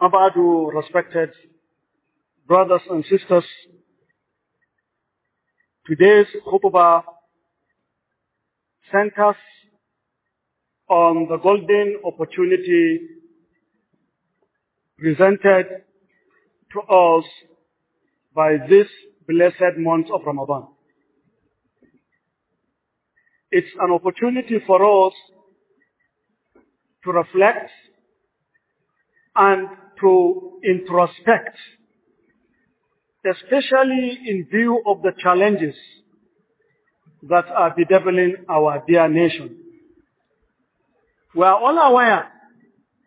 Abadu, respected brothers and sisters, today's khutbah centers on the golden opportunity presented to us by this blessed month of Ramadan. It's an opportunity for us to reflect and to introspect, especially in view of the challenges that are bedeviling our dear nation. We are all aware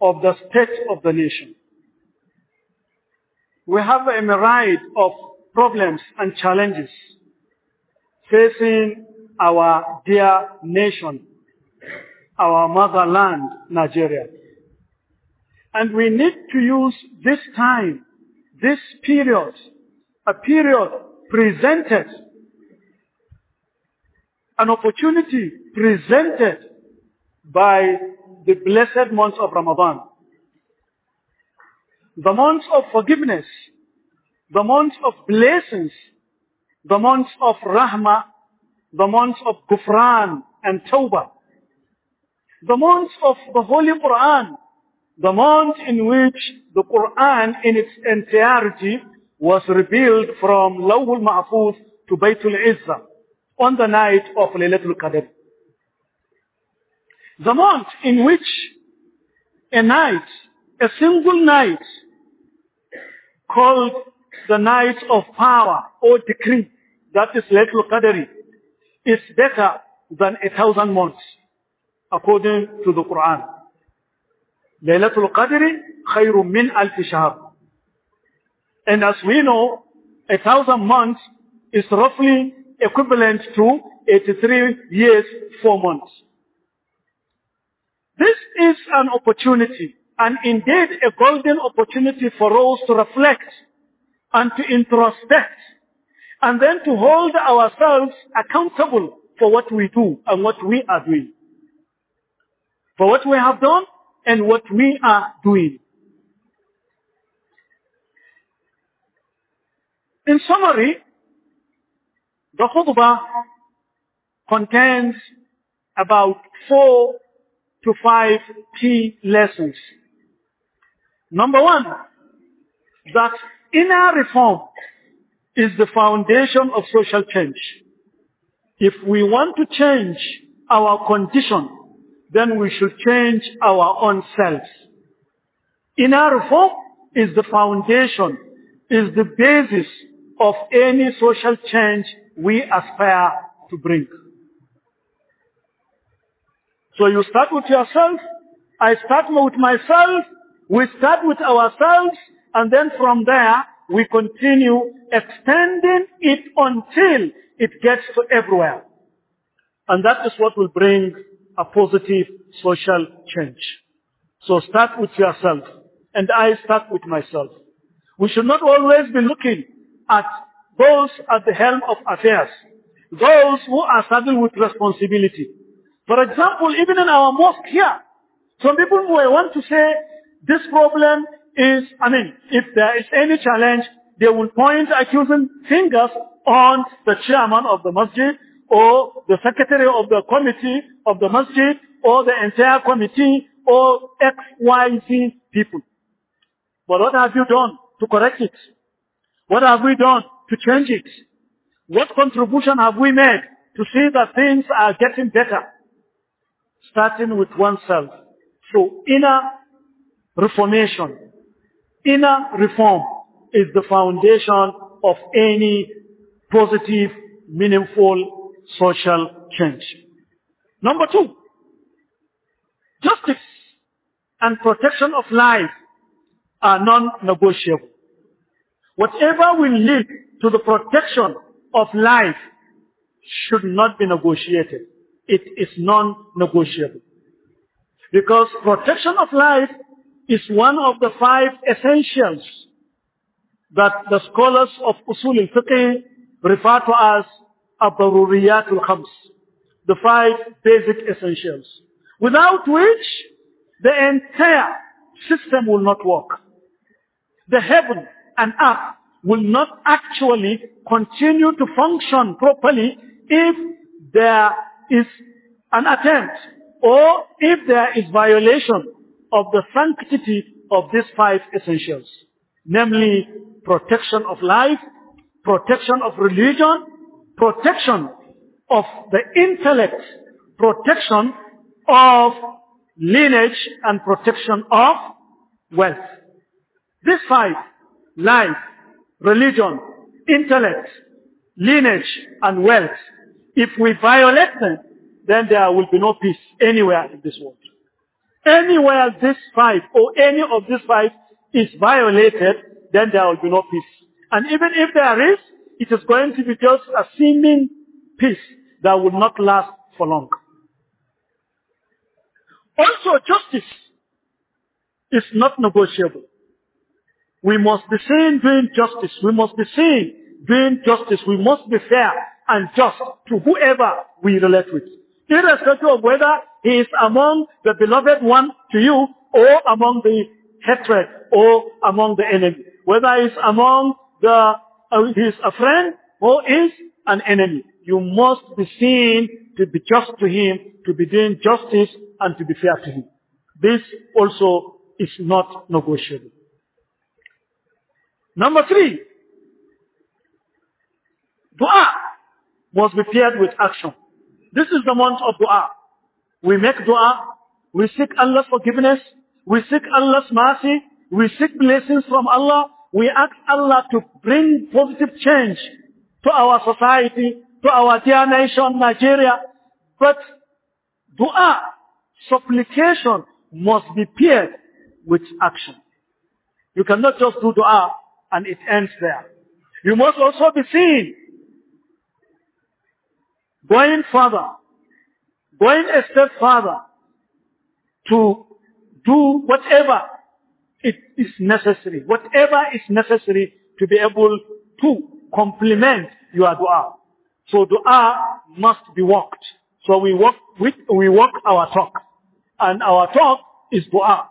of the state of the nation. We have a myriad of problems and challenges facing our dear nation, our motherland, Nigeria. And we need to use this time, this period, a period presented, an opportunity presented by the blessed month of Ramadan. The month of forgiveness, the month of blessings, the month of rahmah, the month of gufran and tawbah, the month of the Holy Quran, the month in which the Quran in its entirety was revealed from Lawul Mafuz to Baytul Izzah on the night of Laylatul Qadr. The month in which a night, a single night called the night of power or decree, that is Laylatul Qadr, is better than a thousand months according to the Quran. ليلة القدر خير من ألف شهر. And as we know, a thousand months is roughly equivalent to 83 years, 4 months. This is an opportunity and indeed a golden opportunity for us to reflect and to introspect and then to hold ourselves accountable for what we do and what we are doing. For what we have done and what we are doing. In summary, the khutbah contains about four to five key lessons. Number one, that inner reform is the foundation of social change. If we want to change our condition then we should change our own selves. Inner hope is the foundation, is the basis of any social change we aspire to bring. So you start with yourself, I start with myself, we start with ourselves, and then from there, we continue extending it until it gets to everywhere. And that is what will bring a positive social change. So start with yourself. And I start with myself. We should not always be looking at those at the helm of affairs. Those who are saddled with responsibility. For example, even in our mosque here, some people who want to say this problem is, I mean, if there is any challenge, they will point accusing fingers on the chairman of the masjid or the secretary of the committee of the masjid or the entire committee or XYZ people. But what have you done to correct it? What have we done to change it? What contribution have we made to see that things are getting better? Starting with oneself through inner reformation. Inner reform is the foundation of any positive, meaningful social change. Number two, justice and protection of life are non-negotiable. Whatever will lead to the protection of life should not be negotiated. It is non-negotiable. Because protection of life is one of the five essentials that the scholars of Usul al-Fiqh refer to as الخمس the five basic essentials without which the entire system will not work the heaven and earth will not actually continue to function properly if there is an attempt or if there is violation of the sanctity of these five essentials, namely protection of life, protection of religion, protection of the intellect, protection of lineage, and protection of wealth. These five, life, religion, intellect, lineage, and wealth, if we violate them, then there will be no peace anywhere in this world. Anywhere this five or any of these five is violated, then there will be no peace. And even if there is, it is going to be just a seeming peace that will not last for long. Also, justice is not negotiable. We must be seen doing justice. We must be seen doing justice. We must be fair and just to whoever we relate with. Irrespective of whether he is among the beloved one to you or among the hatred or among the enemy. Whether he is among the he is a friend or is an enemy. You must be seen to be just to him, to be doing justice and to be fair to him. This also is not negotiable. Number three, dua must be paired with action. This is the month of dua. We make dua, we seek Allah's forgiveness, we seek Allah's mercy, we seek blessings from Allah, we ask Allah to bring positive change to our society, to our dear nation, Nigeria. But dua, supplication must be paired with action. You cannot just do dua and it ends there. You must also be seen going further, going a step further to do whatever it is necessary. Whatever is necessary to be able to complement your dua. So dua must be walked. So we walk with, we walk our talk. And our talk is dua.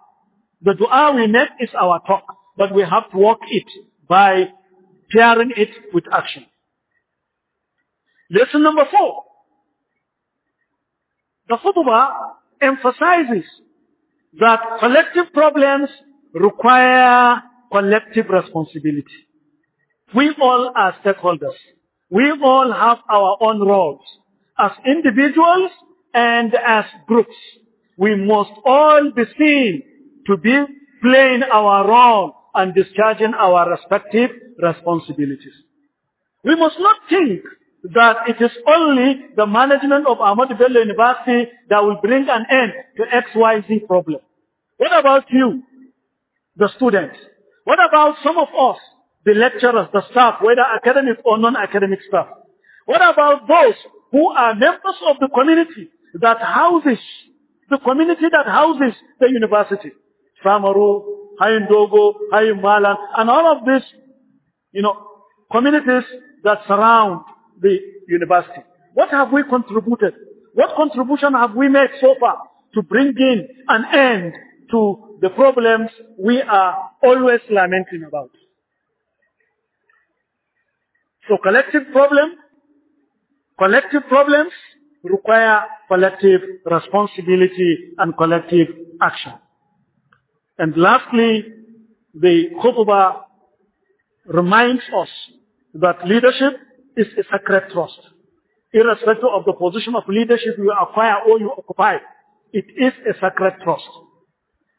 The dua we make is our talk. But we have to walk it by pairing it with action. Lesson number four. The khutbah emphasizes that collective problems require collective responsibility. We all are stakeholders. We all have our own roles as individuals and as groups. We must all be seen to be playing our role and discharging our respective responsibilities. We must not think that it is only the management of Ahmad Bello University that will bring an end to XYZ problem. What about you? the students. What about some of us, the lecturers, the staff, whether academic or non-academic staff? What about those who are members of the community that houses, the community that houses the university? Famaru, Hayendogo, Hayumalan, and all of these, you know, communities that surround the university. What have we contributed? What contribution have we made so far to bring in an end to the problems we are always lamenting about. So collective problem, collective problems require collective responsibility and collective action. And lastly, the khutbah reminds us that leadership is a sacred trust. Irrespective of the position of leadership you acquire or you occupy, it is a sacred trust.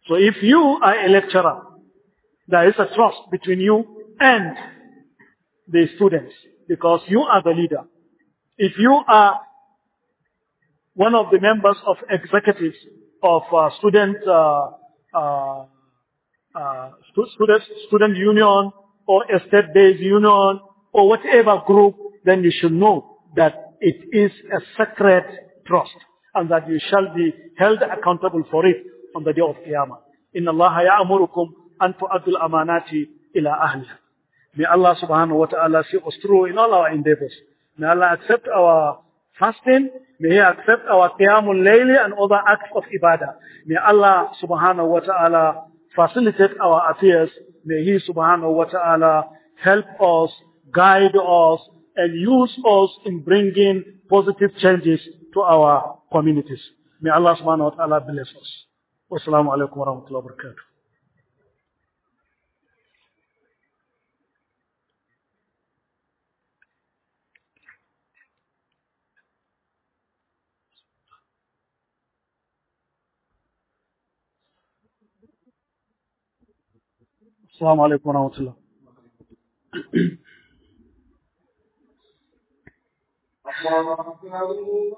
So if you are a lecturer, there is a trust between you and the students because you are the leader. If you are one of the members of executives of uh, student, uh, uh, uh stu student, student union or a state-based union or whatever group, then you should know that it is a sacred trust and that you shall be held accountable for it on the day of Qiyamah. Inna الله يأمركم أن تؤدوا Amanati ila Ahliha. May Allah subhanahu wa ta'ala see us through in all our endeavors. May Allah accept our fasting. May He accept our qiyamul layli and other acts of ibadah. May Allah subhanahu wa ta'ala facilitate our affairs. May He subhanahu wa ta'ala help us, guide us, and use us in bringing positive changes to our communities. May Allah subhanahu wa ta'ala bless us. والسلام عليكم ورحمة الله وبركاته السلام عليكم ورحمة الله الله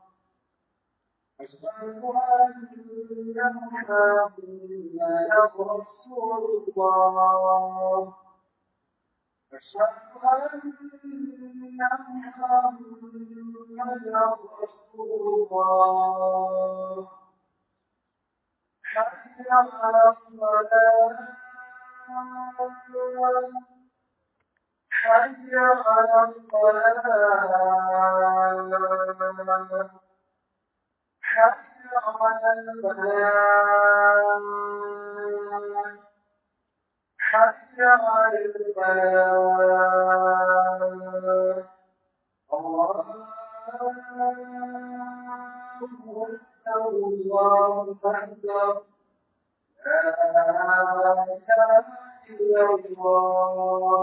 أشهدها أن محمدا رسول الله أشهد أن محمدا رسول الله حي على الصلاة حي على الصلاة حسرة الآن حسرة الآن الله أكبر لا إله الله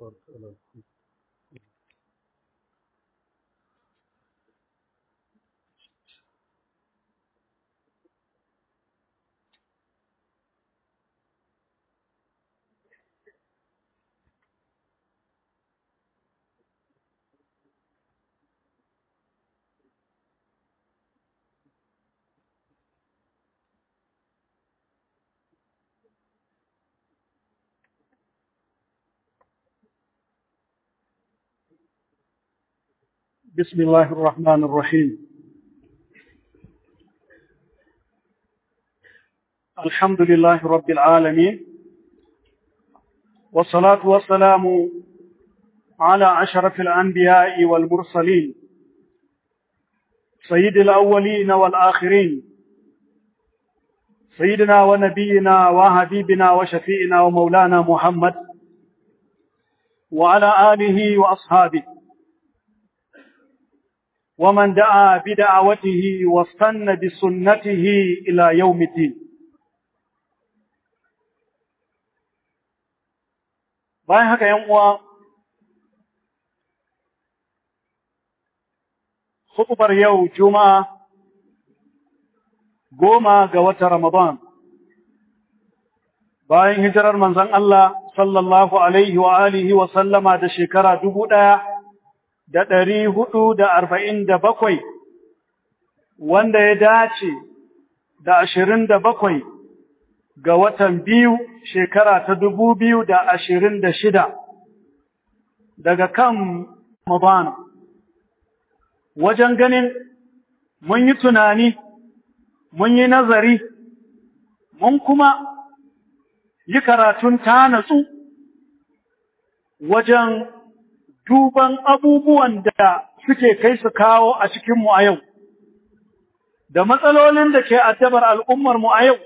por, بسم الله الرحمن الرحيم الحمد لله رب العالمين والصلاة والسلام على أشرف الأنبياء والمرسلين سيد الأولين والآخرين سيدنا ونبينا وحبيبنا وشفيئنا ومولانا محمد وعلى آله وأصحابه ومن دعا بدعوته واستنى بسنته إلى يوم الدين bayan haka ‘yan uwa, hukubar yau Juma'a goma ga wata Ramadan, bayan hijirar manzan Allah sallallahu Alaihi wa'alihi wa sallama da shekara dubu ɗaya da ɗari hudu da arba'in da bakwai wanda ya dace da ashirin da bakwai ga watan biyu shekara ta dubu biyu da ashirin da shida daga kan mabana Wajen ganin mun yi tunani, mun yi nazari, mun kuma yi karatun ta natsu wajen duban abubuwan da suke kai su kawo a cikinmu a yau, da matsalolin da ke addabar al'ummar mu a yau,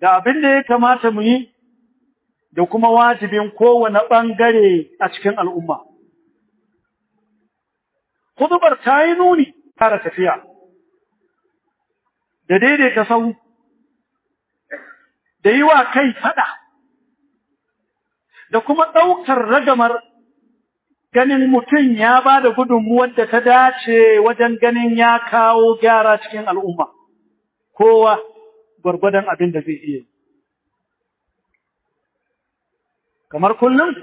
da abin da ya kamata mu yi, da kuma wajibin kowane ɓangare a cikin al'umma. Kudubar ta yi nuni tara tafiya, da daidaita sau, da yi wa kai faɗa, da kuma ɗaukar ragamar ganin mutum ya ba da gudunmuwar da ta dace wajen ganin ya kawo gyara cikin al'umma, kowa gwargwadon abin da zai iya. Kamar kullum,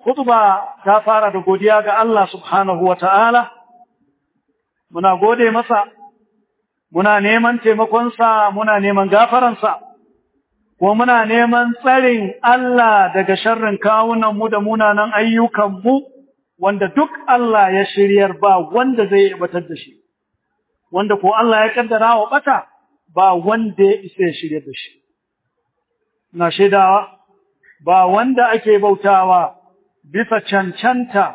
hutuba ta fara da godiya ga Allah subhanahu wa ta'ala, muna gode masa, muna neman taimakonsa, muna neman gafaransa. ko muna neman tsarin Allah daga sharrin kawunanmu da munanan ayyukanmu wanda duk Allah ya shiryar ba wanda zai batar da shi wanda ko Allah ya kaddara wa bata ba wanda ya isa ya shiryar da shi na shaidawa ba wanda ake bautawa bisa cancanta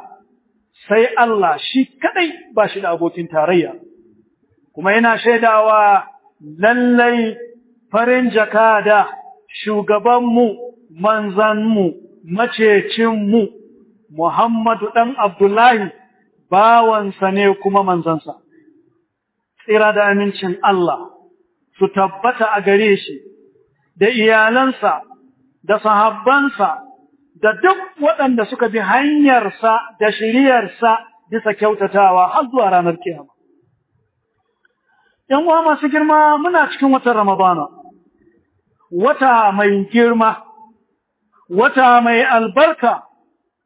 sai Allah shi kadai ba shi da abokin tarayya kuma yana shaidawa lallai farin jakada shugabanmu, manzanmu, macecinmu, Muhammadu ɗan Abdullahi, bawansa ne kuma manzansa. Tsira da amincin Allah su tabbata a gare shi, da iyalansa, da sahabbansa, da duk waɗanda suka bi hanyarsa da shiriyarsa bisa kyautatawa har zuwa ranar kiyama. ‘Yan uwa masu girma muna cikin watan Ramadana. wata mai girma, wata mai albarka,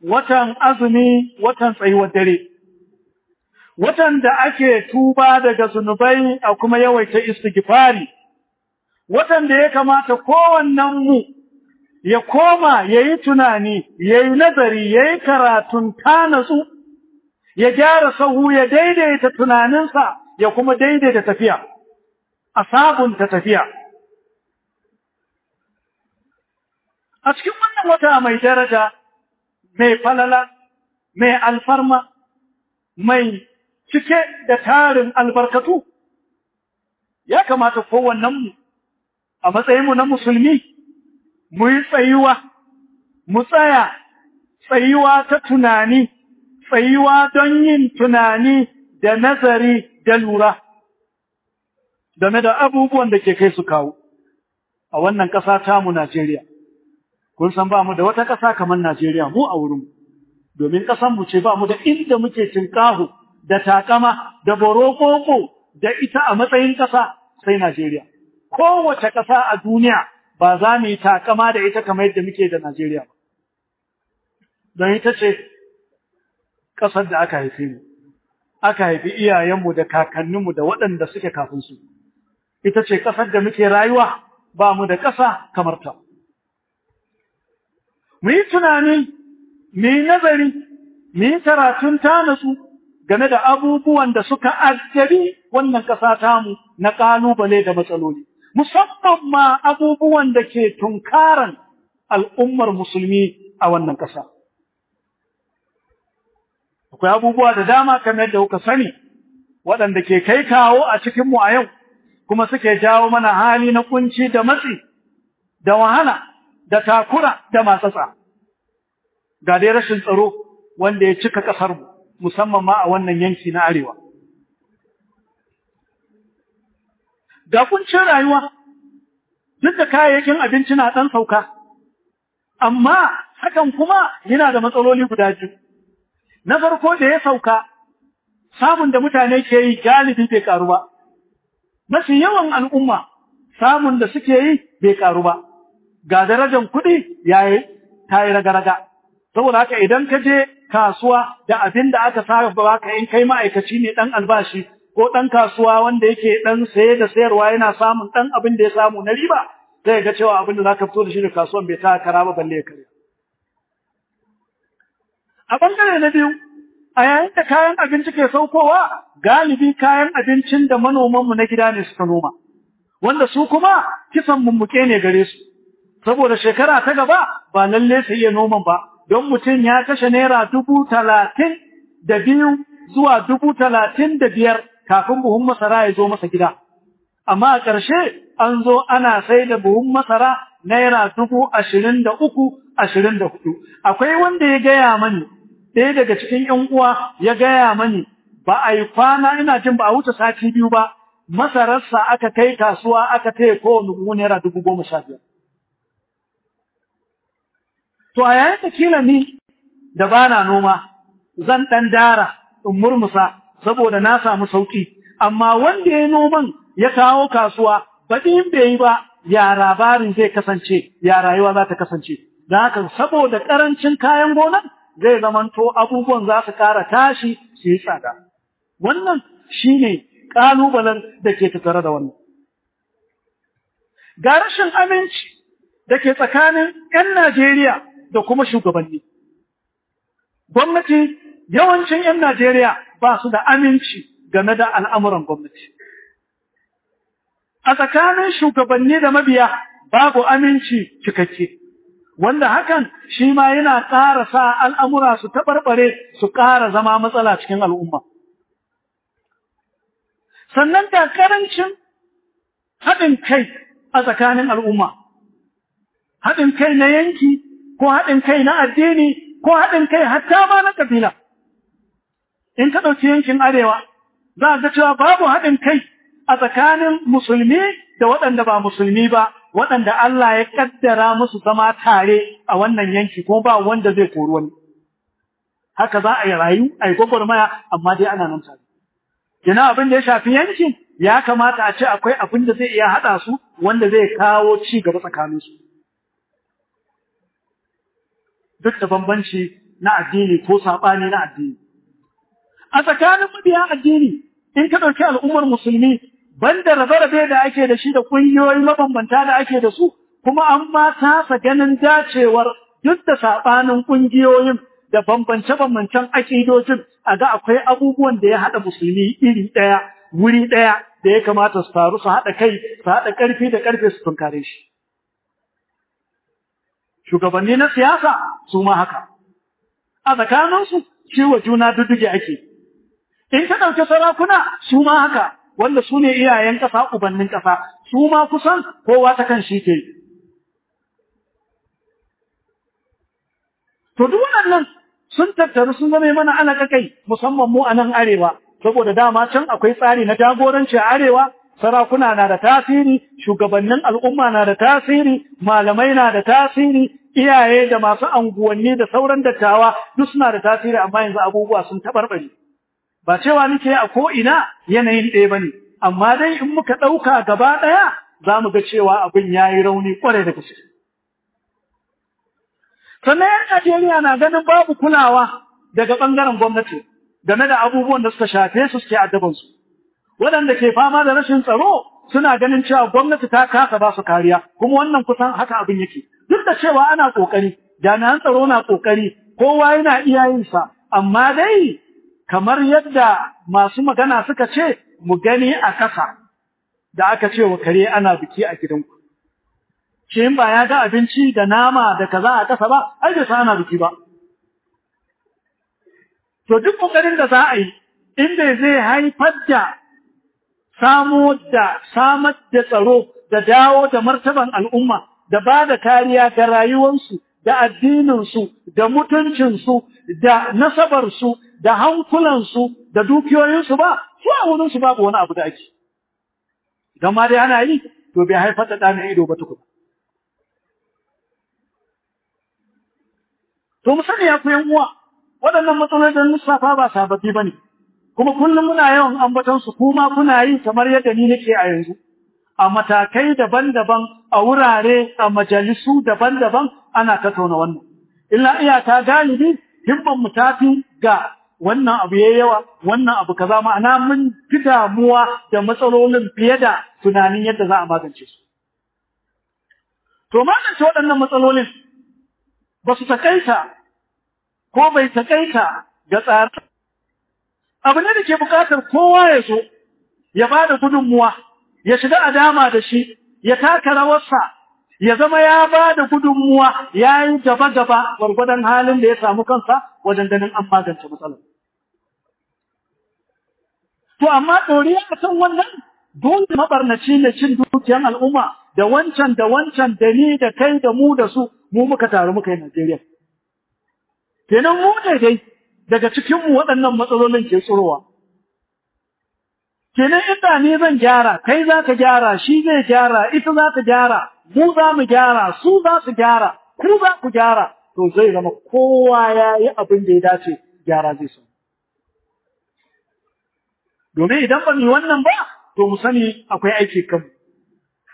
watan azumi, watan tsayuwar dare, watan da ake tuba daga zunubai a kuma yawaita istigifari, watan da ya kamata mu ya koma ya yi tunani, ya yi nazari, ya yi karatun tanatsu, ya gyara sahu, ya daidaita tunaninsa, ya kuma daidaita tafiya, a sabunta tafiya. a cikin wannan wata mai daraja mai falala mai alfarma mai cike da tarin albarkatu ya kamata kowannenmu a matsayinmu na musulmi mu yi tsayuwa mu tsaya tsayuwa ta tunani tsayuwa don yin tunani da nazari da lura game da abubuwan da ke kai su kawo a wannan ƙasa tamu Najeriya kun san ba mu da wata ƙasa kamar Najeriya mu a wurin domin ƙasar mu ce ba mu da inda muke cinkahu da takama da borokoko da ita a matsayin ƙasa sai Najeriya kowace ƙasa a duniya ba za mu yi takama da ita kamar yadda muke da Najeriya ba don ita ce ƙasar da aka haife mu aka haifi iyayenmu da kakanninmu da waɗanda suke kafin su ita ce ƙasar da muke rayuwa ba mu da ƙasa kamar ta mu yi tunani mu yi nazari mu yi karatun tanasu game da abubuwan da suka addabi wannan ƙasa mu na ƙalubale da matsaloli musamman ma abubuwan da ke tunkaran al'ummar musulmi a wannan ƙasa akwai abubuwa da dama kamar da kuka sani waɗanda ke kai kawo a cikinmu a yau kuma suke jawo mana hali na kunci da matsi da wahala da takura da matsatsa ga dai rashin tsaro wanda ya cika kasar mu musamman ma a wannan yanki na arewa ga kuncin rayuwa duk da kayayyakin abinci na ɗan sauka amma hakan kuma yana da matsaloli guda biyu na farko da ya sauka samun da mutane ke yi galibi bai karu ba mafi yawan al'umma samun da suke yi bai karu ba ga darajar kuɗi yayi ta yi raga-raga saboda haka idan ka je kasuwa da abin da aka sarrafa baka in kai ma'aikaci ne dan albashi ko dan kasuwa wanda yake dan saye da sayarwa yana samun dan abin da ya samu na riba zai ga cewa abin da ka fito da shi da kasuwan bai ta kara ba balle kare a bangare na biyu a yayin da kayan abinci ke saukowa galibi kayan abincin da manomanmu na gida ne suka noma wanda su kuma kisan mummuke ne gare su saboda shekara ta gaba ba lalle sai ya noman ba don mutum ya kashe naira dubu talatin da biyu zuwa dubu talatin da biyar kafin buhun masara ya zo masa gida amma a ƙarshe an zo ana sai da buhun masara naira dubu ashirin da uku ashirin da hudu akwai wanda ya gaya mani ɗaya daga cikin ƴan uwa ya gaya mani ba a yi kwana ina jin ba a wuce sati biyu ba masararsa aka kai kasuwa aka taya kowane naira dubu goma sha biyar to a yayin da kila ni da bana noma zan ɗan dara in murmusa saboda na samu sauki amma wanda ya noman ya kawo kasuwa baɗi in bai yi ba ya labarin zai kasance ya rayuwa za ta kasance da haka saboda ƙarancin kayan gonar zai zamanto abubuwan za su ƙara tashi su yi tsada wannan shine ƙalubalen da ke tattare da wannan ga rashin aminci da ke tsakanin 'yan Najeriya da kuma shugabanni. Gwamnati yawancin ‘yan Najeriya ba su da aminci game da al'amuran gwamnati. A tsakanin shugabanni da mabiya babu aminci cikakke, wanda hakan shi ma yana ƙara sa al'amura su taɓarɓare su ƙara zama matsala cikin al'umma. Sannan ta ƙarancin haɗin kai a tsakanin al'umma, haɗin kai na yanki ko haɗin kai na addini ko haɗin kai hatta ma na ƙabila in ka ɗauki yankin arewa za a ga cewa babu haɗin kai a tsakanin musulmi da waɗanda ba musulmi ba waɗanda Allah ya ƙaddara musu zama tare a wannan yanki ko ba wanda zai kori wani haka za a yi rayu a yi gwagwarmaya amma dai ana nan tare Ina abin da ya shafi yankin ya kamata a ce akwai abin da zai iya haɗa su wanda zai kawo ci gaba tsakaninsu duk da bambanci na addini ko saɓani na addini. A tsakanin mabiya addini, in ka ɗauki al'ummar musulmi, banda rabe-rabe da ake da shi da ƙungiyoyi mabambanta da ake da su, kuma an ma tasa ganin dacewar duk da saɓanin ƙungiyoyin da bambance-bambancen aƙidojin a ga akwai abubuwan da ya haɗa musulmi iri ɗaya, wuri ɗaya da ya kamata su faru su haɗa kai, su haɗa ƙarfi da ƙarfe su tunkare shi. shugabanni na siyasa su ma haka a tsakaninsu ciwo juna dudduge ake in ka ɗauki sarakuna su ma haka wanda su ne iyayen ƙasa ubannin ƙasa su ma kusan kowa ta kan shi ke to duk waɗannan sun tattaru sun zama mana alaƙa kai musamman mu a nan arewa saboda dama can akwai tsari na jagoranci a arewa sarakuna na da tasiri shugabannin al'umma na da tasiri malamai na da tasiri iyaye da masu anguwanni da sauran dattawa duk suna da tasiri amma yanzu abubuwa sun tabarbare ba cewa nake a ko ina yanayin ɗaya bane amma dai in muka ɗauka gaba ɗaya zamu ga cewa abin ya yi rauni kware da gaske sannan yan Najeriya na ganin babu kulawa daga ɓangaren gwamnati game da abubuwan da suka shafe su suke su waɗanda ke fama da rashin tsaro suna ganin cewa gwamnati ta kasa ba su kariya kuma wannan kusan haka abin yake duk da cewa ana ƙoƙari jami'an tsaro na kokari kowa yana iya yin sa amma dai kamar yadda masu magana suka ce mu gani a kasa da aka ce wa kare ana biki a gidanku shi ba ya ga abinci da nama da kaza a kasa ba ai da ana biki ba to duk kokarin da za a yi inda zai haifar da samo da samar da tsaro da dawo da martaban al'umma da ba da kariya ga rayuwarsu da addininsu da mutuncinsu da nasabarsu da hankulansu da dukiyoyinsu ba su a wurinsu babu wani abu da ake Don ma dai ana yi to bai haifar da ɗan ido ba tukuna to mu sani ya ku yan uwa waɗannan matsalolin lissafa ba sababbi ba ne kuma kullum muna yawan ambatonsu kuma kuna yi kamar yadda ni nake a yanzu a matakai daban-daban a wurare a majalisu daban-daban ana tattauna wannan illa iya ta galibi himbin mu tafi ga wannan abu ya yawa wannan abu kaza ma'ana mun fi damuwa da matsalolin fiye da tunanin yadda za a magance su to magance waɗannan matsalolin ba su takaita ko bai takaita ga tsare abu ne da ke bukatar kowa ya zo ya ba da gudunmuwa ya shiga a da shi ya taka rawarsa ya zama ya ba da gudunmuwa ya yi gaba-gaba gwargwadon halin da ya samu kansa wajen ganin an magance matsalar. To, amma ɗoriya a kan wannan dole mabarnaci ne cin dukiyar al'umma da wancan da wancan da ni da kai da mu da su mu muka taru muka yi Najeriya. Kenan mu ne dai daga cikinmu waɗannan matsalolin ke tsirowa. kenan inda ne zan gyara kai za ka gyara shi zai gyara ita za ta gyara mu za mu gyara su za su gyara ku za ku gyara to zai zama kowa ya yi abin da ya dace gyara zai samu domin idan ba mu wannan ba to mu sani akwai aiki kan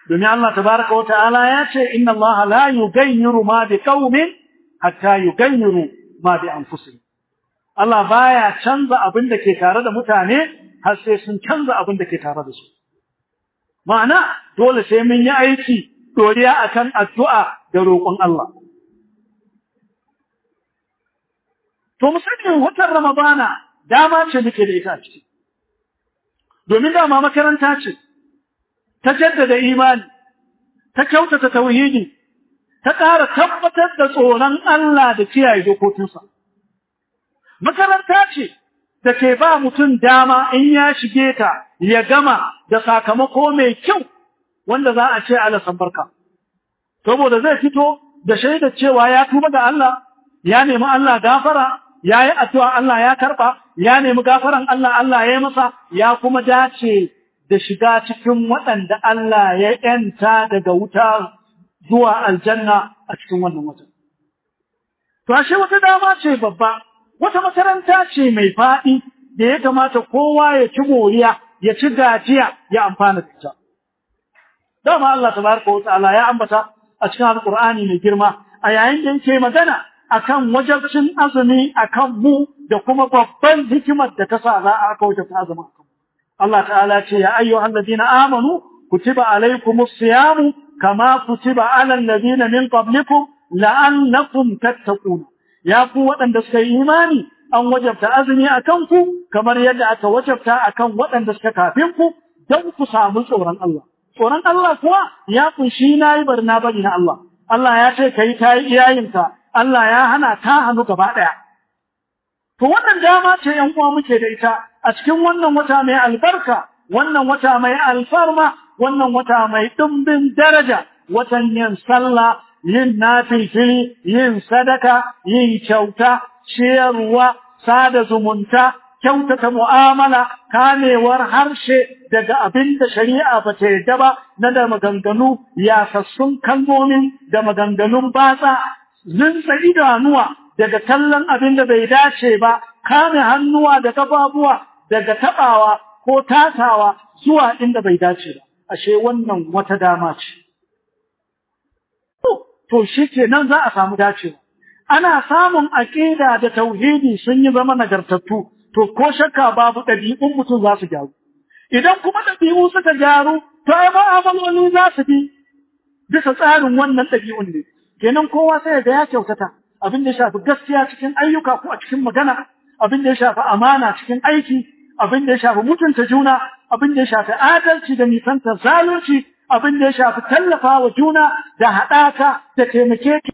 domin Allah tabaraka wa ta'ala ya ce inna Allah la yughayyiru ma bi qaumin hatta yughayyiru ma bi anfusihim Allah baya canza abin da ke tare da mutane har sai sun canza abin da ke tare da su ma'ana dole sai mun yi aiki doriya akan addu'a da roƙon Allah to musamman watan ramadana dama ce muke da ita a ciki domin dama makaranta ce ta jaddada imani ta kyautata tauhidi ta ƙara tabbatar da tsoron Allah da kiyaye dokokinsa makaranta ce take ba mutum dama in ya shige ta ya gama da sakamako mai kyau wanda za a ce ala sambarka saboda zai fito da shaidar cewa ya tuba ga Allah ya nemi Allah gafara ya yi addu'a Allah ya karɓa ya nemi gafaran Allah Allah ya masa ya kuma dace da shiga cikin waɗanda Allah ya ‘yanta daga wuta zuwa aljanna a cikin wannan watan. To, ashe wata dama ce babba wata makaranta ce mai faɗi da ya kamata kowa ya ci moriya ya ci gajiya ya amfana da ita dama Allah tabaraka wa ta'ala ya ambata a cikin alqur'ani mai girma a yayin da yake magana akan wajabcin azumi akan mu da kuma babban hikimar da ta sa za a aka wajabta azumi Allah ta'ala ce ya ayyuhal ladina amanu kutiba alaykumus siyamu kama kutiba alal ladina min qablikum la'annakum tattaquna ya ku waɗanda suka yi imani an wajabta azumi a kanku kamar yadda aka wajabta a kan waɗanda suka kafin ku don ku samu tsoron Allah. Tsoron Allah kuwa ya kunshi na yi barna bari na Allah. Allah ya ce ka yi ta yi Allah ya hana ta hannu gaba ɗaya. To wannan dama ce ‘yan uwa muke da ita a cikin wannan wata mai albarka, wannan wata mai alfarma, wannan wata mai ɗumbin daraja, watan yin sallah yin nafilfili yin sadaka yin kyauta ciyarwa sada zumunta kyautata mu'amala kamewar harshe daga abin da shari'a ba ta yarda ba na da maganganu yasassun kalmomin da maganganun batsa zinsa idanuwa daga kallon abin da bai dace ba kame hannuwa da kafafuwa daga tabawa ko tasawa zuwa inda bai dace ba ashe wannan wata dama ce to shi nan za a samu dacewa ana samun aƙida da tauhidi sun yi zama nagartattu to ko shakka babu ɗabi'un mutum za su gyaru idan kuma ɗabi'u suka gyaru to ai ma'amaloli za su bi bisa tsarin wannan ɗabi'un ne kenan kowa sai ya ga ya kyautata abin da ya shafi gaskiya cikin ayyuka ko a cikin magana abin da ya shafi amana cikin aiki abin da ya shafi mutunta juna abin da ya shafi adalci da nisantar zalunci abin da ya shafi tallafa wa juna da haɗaka da taimake ki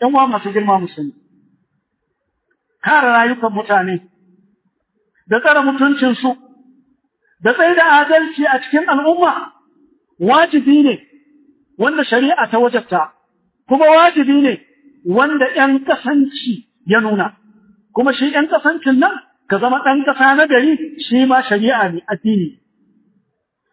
ɗan wa masu girma musulmi kare rayukan mutane da tsare mutuncinsu da tsaye da adalci a cikin al'umma wajibi ne wanda shari'a ta wajabta kuma wajibi ne wanda ‘yan kasanci ya nuna kuma shi ‘yan kasancin nan ka zama ɗan ƙasa na gari shi ma shari'a ne addini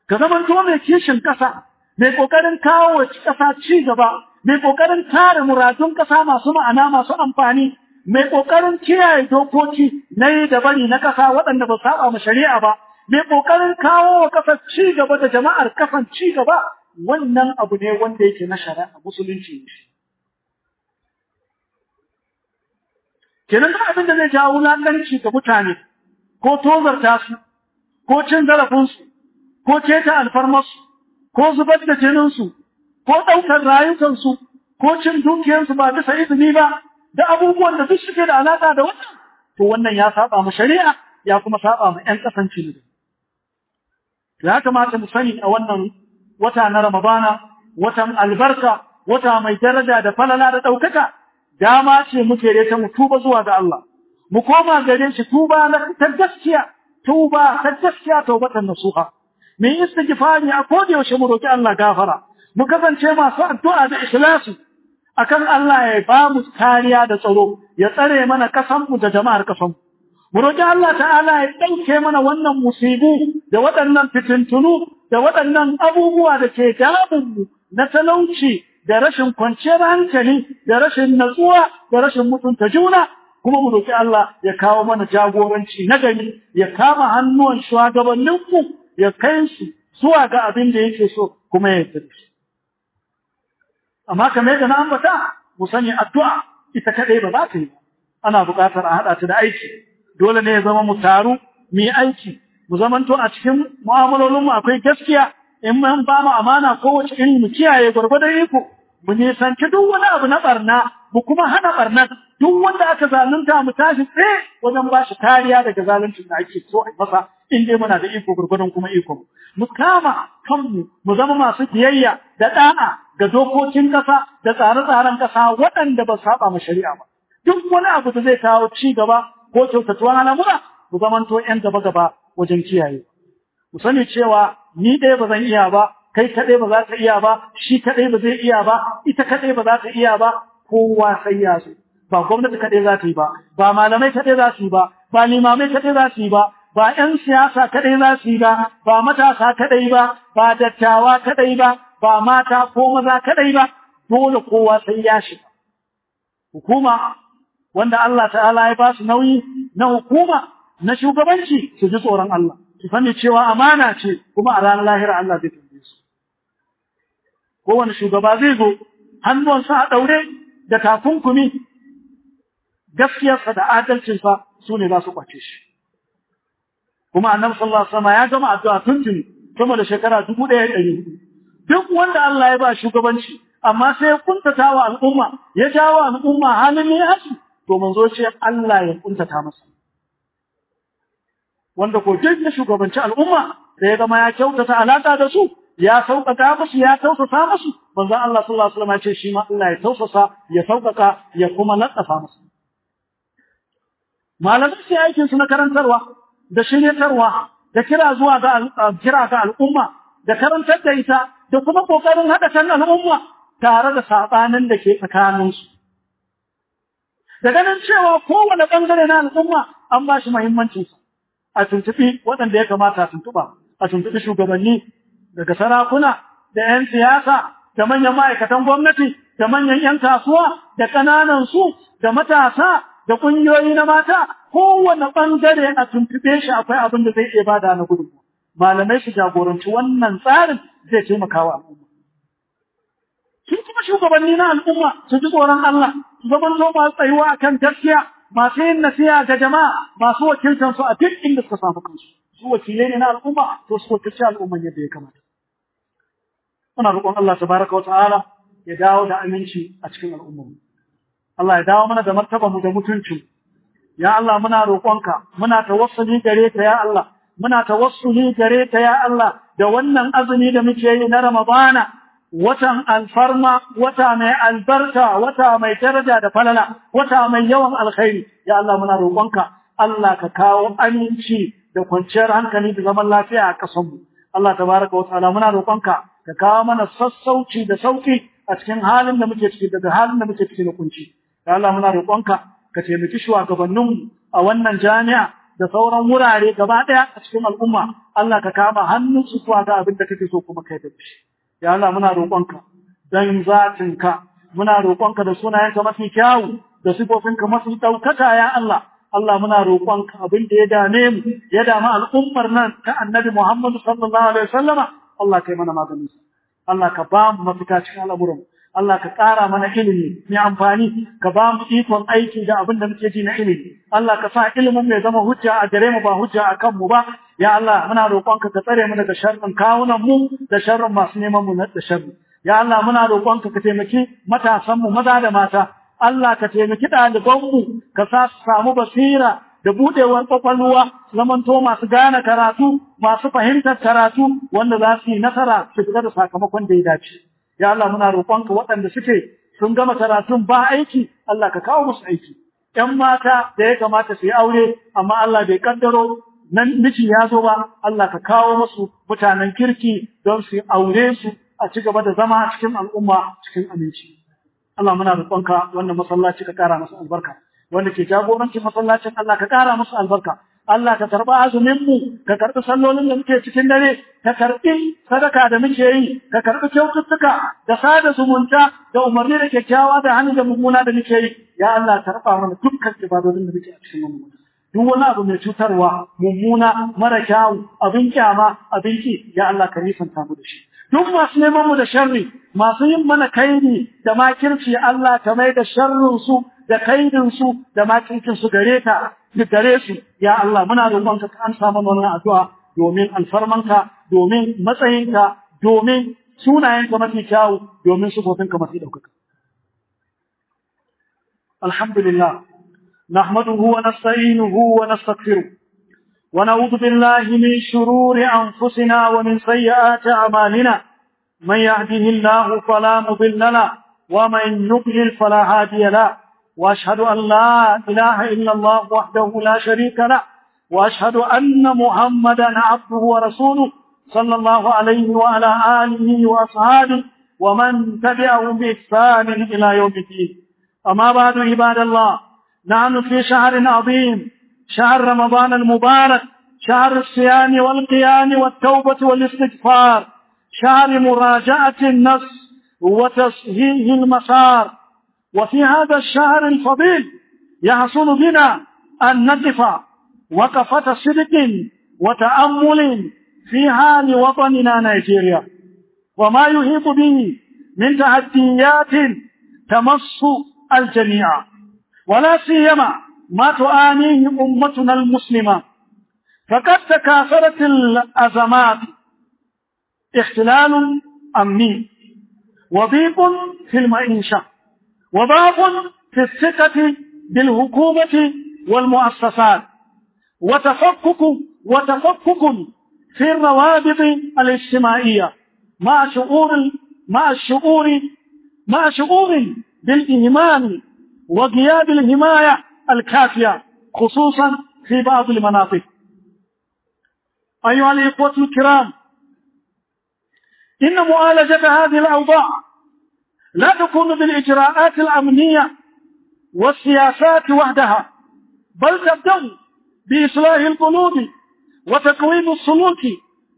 ka zamanto mai kishin ƙasa mai ƙoƙarin kawo wa ƙasa ci gaba mai ƙoƙarin tare muradun ƙasa masu ma'ana masu amfani mai ƙoƙarin kiyaye dokoki na yi da bari na ƙasa waɗanda ba saba ma shari'a ba mai ƙoƙarin kawo wa ƙasa ci gaba da jama'ar ƙasan ci gaba wannan abu ne wanda yake na shari'a musulunci kenan duk abin da zai jawo wulaƙanci ga mutane ko tozarta su ko cin zarafinsu ko keta alfarmarsu ko zubar da jininsu ko ɗaukar rayukansu ko cin dukiyarsu ba bisa izini ba da abubuwan da duk suke da alaƙa da wannan to wannan ya saba mu shari'a ya kuma saba mu ƴan ƙasan cinibi ya kamata mu sani a wannan wata na ramadana watan albarka wata mai daraja da falala da ɗaukaka dama ce muke da ta mu tuba zuwa ga Allah mu koma gare shi tuba na ta gaskiya tuba ta gaskiya tawbatan nasuha mu yi istighfari a koda yaushe mu roki Allah gafara mu kasance masu addu'a da ikhlasi akan Allah ya ba mu kariya da tsaro ya tsare mana kasan mu da jama'ar kasan mu mu roki Allah ta'ala ya dauke mana wannan musibu da waɗannan fitintunu da waɗannan abubuwa da ke damun mu na talauci da rashin kwanciyar hankali da rashin natsuwa da rashin mutunta juna kuma mu roki Allah ya kawo mana jagoranci na gari ya kama hannuwan shugabannin ya kai shi zuwa ga abin da yake so kuma ya tafi amma kamar yadda na ambata mu sani addu'a ita kaɗai ba za ta yi ana buƙatar a haɗa ta da aiki dole ne ya zama mu taru mu yi aiki mu to a cikin mu'amalolinmu akwai gaskiya in mun ba mu amana kowace in mu kiyaye gwargwadon iko mu nisanci duk wani abu na ɓarna, mu kuma hana ɓarna duk wanda aka zalunta mu tashi tsaye wajen ba shi kariya daga zaluncin da ake so a masa in dai muna da iko gurgurdan kuma iko mu kama kanmu mu zama masu biyayya da ɗana ga dokokin ƙasa da tsare-tsaren ƙasa waɗanda ba saba mu shari'a ba duk wani abu da zai kawo ci gaba ko kyautatuwa na lamura mu zamanto ƴan gaba gaba wajen kiyaye mu sani cewa ni ɗaya ba zan iya ba kai kaɗai ba za ka iya ba shi kaɗai ba zai iya ba ita kaɗai ba za ta iya ba kowa sai ya ba gwamnati kaɗai za ta yi ba ba malamai kaɗai za su yi ba ba limamai kaɗai za su yi ba ba ‘yan siyasa kaɗai za su yi ba, ba matasa kaɗai ba, ba dattawa kaɗai ba, ba mata ko maza kaɗai ba, dole kowa sai ya shiga. Hukuma, wanda Allah ta'ala ya ba su nauyi na hukuma, na shugabanci su ji tsoron Allah, su sani cewa amana ce kuma a ranar lahira Allah zai tambaye su. Kowane shugaba zai zo, hannunsa a ɗaure da takunkumi, gaskiyarsa da adalcinsa su ne za su kwace shi. kuma annabi sallallahu alaihi wasallam ya gama addu'a tun jini sama da shekara 1400 duk wanda Allah ya ba shugabanci amma sai ya kuntata wa al'umma ya jawo al'umma halin ne hasu to manzo ce Allah ya kuntata masa wanda ko duk ya shugabanci al'umma da ya gama ya kyautata alaka da su ya sauƙaƙa musu ya tausasa musu manzo Allah sallallahu alaihi wasallam ya ce shi ma Allah ya tausasa ya sauƙaƙa ya kuma latsafa musu malamai sai aikin su na karantarwa da shiryatarwa da kira zuwa ga kira ga al'umma da karantar da ita da kuma kokarin haɗa kan al'umma tare da sabanin da ke tsakanin su da ganin cewa kowane bangare na al'umma an ba shi muhimmanci a tuntubi waɗanda ya kamata a tuntuba a tuntubi shugabanni daga sarakuna da 'yan siyasa da manyan ma'aikatan gwamnati da manyan 'yan kasuwa da ƙananan su da matasa da ƙungiyoyi na mata kowane bangare a tuntube shi akwai abin da zai iya bada na gudu malamai su jagoranci wannan tsarin zai taimakawa al'umma sun kuma shugabanni na al'umma su ji tsoron Allah su zama zo masu tsayuwa akan gaskiya masu yin nasiha ga jama'a masu wakiltar su a duk inda suka samu kansu su wakilai ne na al'umma to su wakilci al'umman yadda ya kamata muna roƙon Allah tabaraka wa ta'ala ya dawo da aminci a cikin al'umma Allah ya dawo mana da martaba mu da mutuncin ya Allah muna roƙonka muna tawassuli gare ka ya Allah muna tawassuli gare ka ya Allah da wannan azumi da muke yi na Ramadana watan alfarma wata mai albarka wata mai daraja da falala wata mai yawan alkhairi ya Allah muna roƙonka Allah ka kawo aminci da kwanciyar hankali da zaman lafiya a ƙasarmu Allah tabaraka wa ta'ala muna roƙonka ka kawo mana sassauci da sauki a cikin halin da muke ciki daga halin da muke ciki na kunci ya Allah muna roƙonka ka taimaki shugabanninmu a wannan jami'a da sauran wurare gaba ɗaya a cikin al'umma Allah ka kama hannun su kuwa ga abin da kake so kuma kai da shi ya Allah muna roƙonka dan zatinka muna roƙonka da sunayenka mafi kyawu da sifofinka mafi ɗaukaka ya Allah Allah muna roƙonka abin da ya dame mu ya dama al'ummar nan ta annabi Muhammad sallallahu alaihi wasallama Allah kai mana maganin Allah ka ba mu mafita cikin al'amuran Allah ka ƙara mana ilimi mai amfani ka ba mu ikon aiki da abin da muke ji na ilimi Allah ka sa ilimin mai zama hujja a gare mu ba hujja a kanmu ba ya Allah muna roƙonka ka tsare mu daga sharrin kawunan mu da sharrin masu neman mu da sharri ya Allah muna roƙonka ka taimaki matasan mu maza da mata Allah ka taimaki ɗaliban mu ka sa su samu basira da buɗewar kwakwalwa zamanto masu gane karatu masu fahimtar karatu wanda za su yi nasara su fita da sakamakon da ya dace ya Allah muna roƙonka waɗanda suke sun gama karatun ba aiki Allah ka kawo musu aiki ƴan mata da ya kamata su yi aure amma Allah bai kaddaro nan miji ya zo ba Allah ka kawo musu mutanen kirki don su aure su a ci gaba da zama cikin al'umma cikin aminci Allah muna roƙonka wannan masallaci ka ƙara masa albarka wanda ke jagorancin masallacin Allah ka ƙara musu albarka Allah ka karɓi azuminmu, ka karɓi sallolin da muke cikin dare, ka karɓi sadaka da muke yi, ka karɓi kyaututtuka da sada zumunta da umarni da kyakkyawa da hannu da mummuna da muke yi. Ya Allah karɓa mana dukkan ibadodin da muke a cikin wannan Duk wani abu mai cutarwa, mummuna, mara kyawu, abin kyama, abin ki, ya Allah ka nisanta mu da shi. duk masu neman mu da sharri masu yin mana kaini da makirci Allah ka mai da sharrin su da kainin su da makircin su gare ta gare su ya Allah muna roƙon ka an samu wannan addu'a domin alfarmanka domin matsayinka domin sunayenka mafi kyawu domin sufofinka mafi ɗaukaka alhamdulillah nahmaduhu wa nasta'inuhu wa nastaghfiruh ونعوذ بالله من شرور أنفسنا ومن سيئات أعمالنا من يهده الله فلا مضل له ومن يضلل فلا هادي له وأشهد أن لا إله إلا الله وحده لا شريك له وأشهد أن محمدا عبده ورسوله صلى الله عليه وعلى آله وأصحابه ومن تبعهم بإحسان إلى يوم الدين أما بعد عباد الله نحن في شهر عظيم شهر رمضان المبارك شهر الصيام والقيام والتوبة والاستغفار شهر مراجعة النص وتصحيح المسار وفي هذا الشهر الفضيل يحصل بنا أن نقف وقفة صدق وتأمل في حال وطننا نيجيريا وما يحيط به من تحديات تمص الجميع ولا سيما ما تعانيه أمتنا المسلمة فقد تكاثرت الأزمات اختلال أمني وضيق في المعيشة وضعف في الثقة بالحكومة والمؤسسات وتفكك وتفكك في الروابط الاجتماعية مع شعور مع الشعور مع شعور بالإيمان وغياب الحماية الكافية خصوصا في بعض المناطق أيها الإخوة الكرام إن معالجة هذه الأوضاع لا تكون بالإجراءات الأمنية والسياسات وحدها بل تبدأ بإصلاح القلوب وتكوين السلوك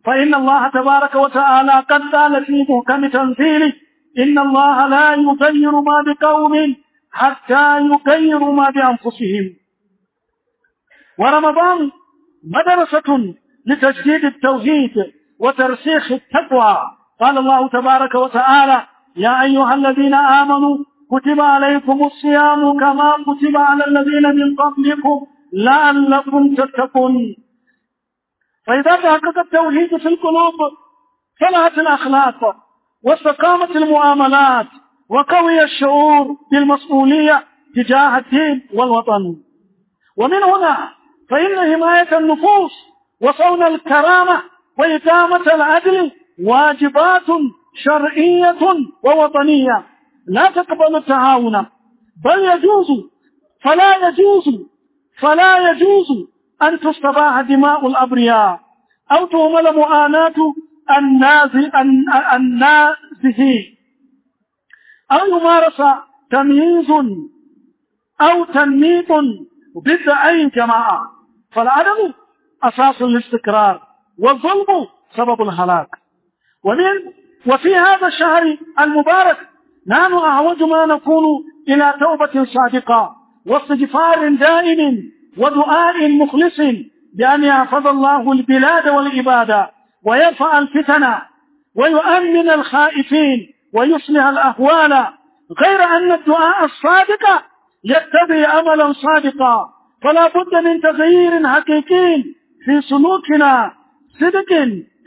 فإن الله تبارك وتعالى قد قال في محكم تنزيله إن الله لا يغير ما بقوم حتى يغيروا ما بأنفسهم ورمضان مدرسة لتجديد التوحيد وترسيخ التقوى قال الله تبارك وتعالى يا أيها الذين آمنوا كتب عليكم الصيام كما كتب على الذين من قبلكم لعلكم تتقون فإذا تحقق التوحيد في القلوب صلحت الأخلاق واستقامت المعاملات وقوي الشعور بالمسؤولية تجاه الدين والوطن ومن هنا فإن حماية النفوس وصون الكرامة وإقامة العدل واجبات شرعية ووطنية لا تقبل التعاون بل يجوز فلا يجوز فلا يجوز أن تستباح دماء الأبرياء أو تهمل معاناة النازهين أو يمارس تمييز أو تنميط ضد أي جماعة فالعدم أساس الاستقرار والظلم سبب الهلاك ومن وفي هذا الشهر المبارك نحن أعوج ما نكون إلى توبة صادقة واستغفار دائم ودعاء مخلص بأن يحفظ الله البلاد والعبادة ويرفع الفتن ويؤمن الخائفين ويصلح الأحوال غير أن الدعاء الصادق يتبع عملا صادقا فلا بد من تغيير حقيقي في سلوكنا صدق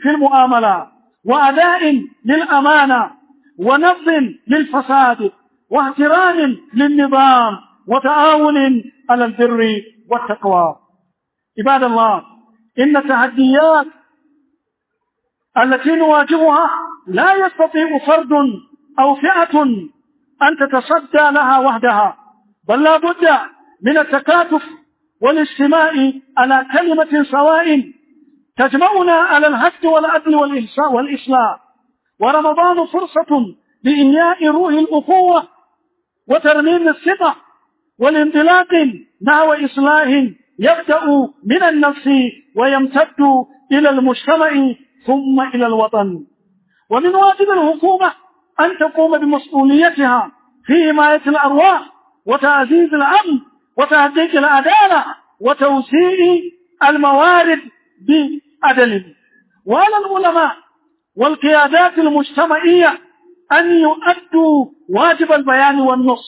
في المؤاملة وأداء للأمانة ونبض للفساد واحترام للنظام وتعاون على البر والتقوى عباد الله إن التحديات التي نواجهها لا يستطيع فرد أو فئة أن تتصدى لها وحدها بل لا بد من التكاتف والاجتماع على كلمة سواء تجمعنا على الهد والعدل والإسلام ورمضان فرصة لإنياء روح الأخوة وترميم الثقة والانطلاق نحو إصلاح يبدأ من النفس ويمتد إلى المجتمع ثم إلى الوطن ومن واجب الحكومة أن تقوم بمسؤوليتها في حماية الأرواح وتعزيز الأمن وتهديك العدالة وتوسيع الموارد بعدل وعلى العلماء والقيادات المجتمعية أن يؤدوا واجب البيان والنص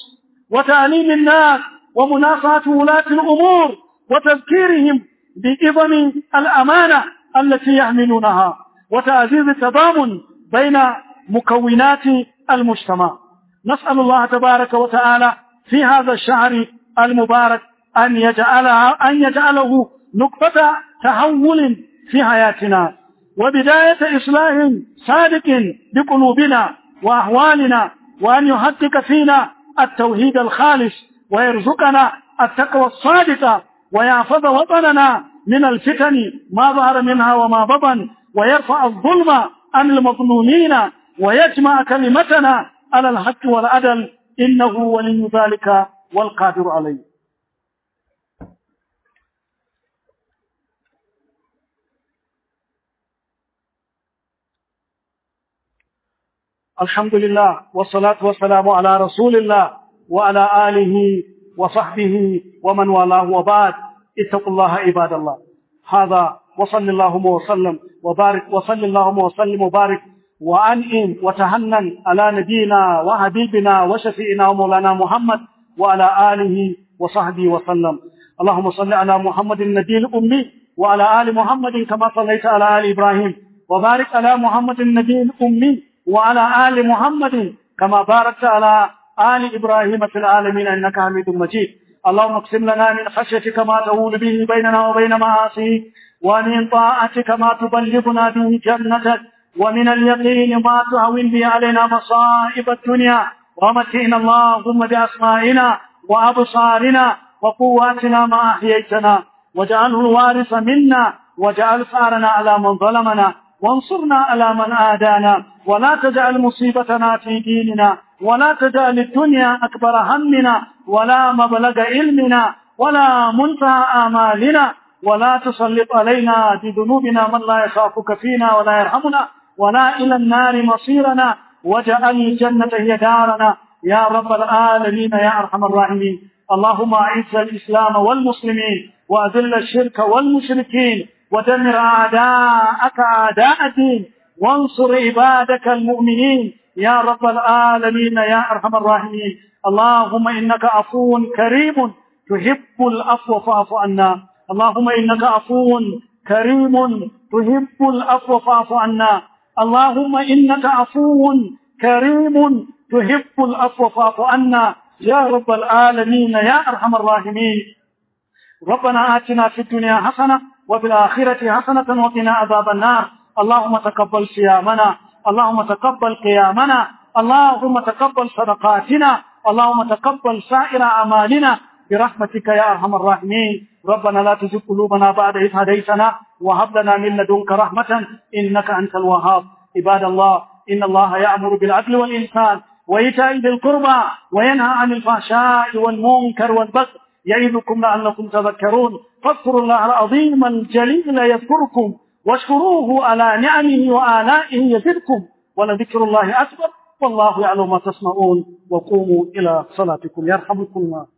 وتعليم الناس ومناصحة ولاة الأمور وتذكيرهم بإظم الأمانة التي يحملونها وتعزيز التضامن بين مكونات المجتمع نسأل الله تبارك وتعالى في هذا الشهر المبارك أن يجعلها أن يجعله نقطة تحول في حياتنا وبداية إصلاح صادق بقلوبنا وأحوالنا وأن يحقق فينا التوحيد الخالص ويرزقنا التقوى الصادقة ويحفظ وطننا من الفتن ما ظهر منها وما بطن ويرفع الظلم عن المظلومين ويجمع كلمتنا على الحق والعدل إنه ولي ذلك والقادر عليه الحمد لله والصلاة والسلام على رسول الله وعلى آله وصحبه ومن والاه وبعد اتقوا الله عباد الله هذا وصل اللهم وسلم وبارك وصل اللهم وسلم وبارك وأنئم وتهنن على نبينا وحبيبنا وشفيعنا ومولانا محمد وعلى آله وصحبه وسلم اللهم صل على محمد النبي الأمي وعلى آل محمد كما صليت على آل إبراهيم وبارك على محمد النبي الأمي وعلى آل محمد كما باركت على آل إبراهيم في العالمين إنك حميد مجيد اللهم اقسم لنا من خشيتك ما تهول به بيننا وبين معاصيك ومن طاعتك ما تبلغنا به جنتك ومن اليقين ما تهون به علينا مصائب الدنيا ومتعنا اللهم بأسمائنا وأبصارنا وقواتنا ما أحييتنا واجعله الوارث منا واجعل ثارنا على من ظلمنا وانصرنا على من آدانا ولا تجعل مصيبتنا في ديننا ولا تجعل الدنيا أكبر همنا ولا مبلغ علمنا ولا منتهى آمالنا ولا تسلط علينا بذنوبنا من لا يخافك فينا ولا يرحمنا ولا إلى النار مصيرنا واجعل الجنة هي دارنا يا رب العالمين يا أرحم الراحمين اللهم أعز الإسلام والمسلمين وأذل الشرك والمشركين ودمر أعداءك أعداء الدين وانصر عبادك المؤمنين يا رب العالمين يا أرحم الراحمين اللهم إنك عفو كريم تحب العفو فاعف عنا اللهم إنك عفو كريم تحب العفو فاعف عنا اللهم إنك عفو كريم تحب العفو فاعف عنا يا رب العالمين يا أرحم الراحمين ربنا آتنا في الدنيا حسنة وفي الآخرة حسنة وقنا عذاب النار اللهم تقبل صيامنا اللهم تقبل قيامنا اللهم تقبل صدقاتنا اللهم تقبل سائر أعمالنا برحمتك يا أرحم الراحمين ربنا لا تزغ قلوبنا بعد إذ هديتنا وهب لنا من لدنك رحمة إنك أنت الوهاب عباد الله إن الله يأمر بالعدل والإنسان وإيتاء ذي القربى وينهى عن الفحشاء والمنكر والبغي يعظكم لعلكم تذكرون فاذكروا الله العظيم الجليل يذكركم واشكروه على نعمه وآلائه يزدكم ولذكر الله أكبر والله يعلم ما تصنعون وقوموا إلى صلاتكم يرحمكم الله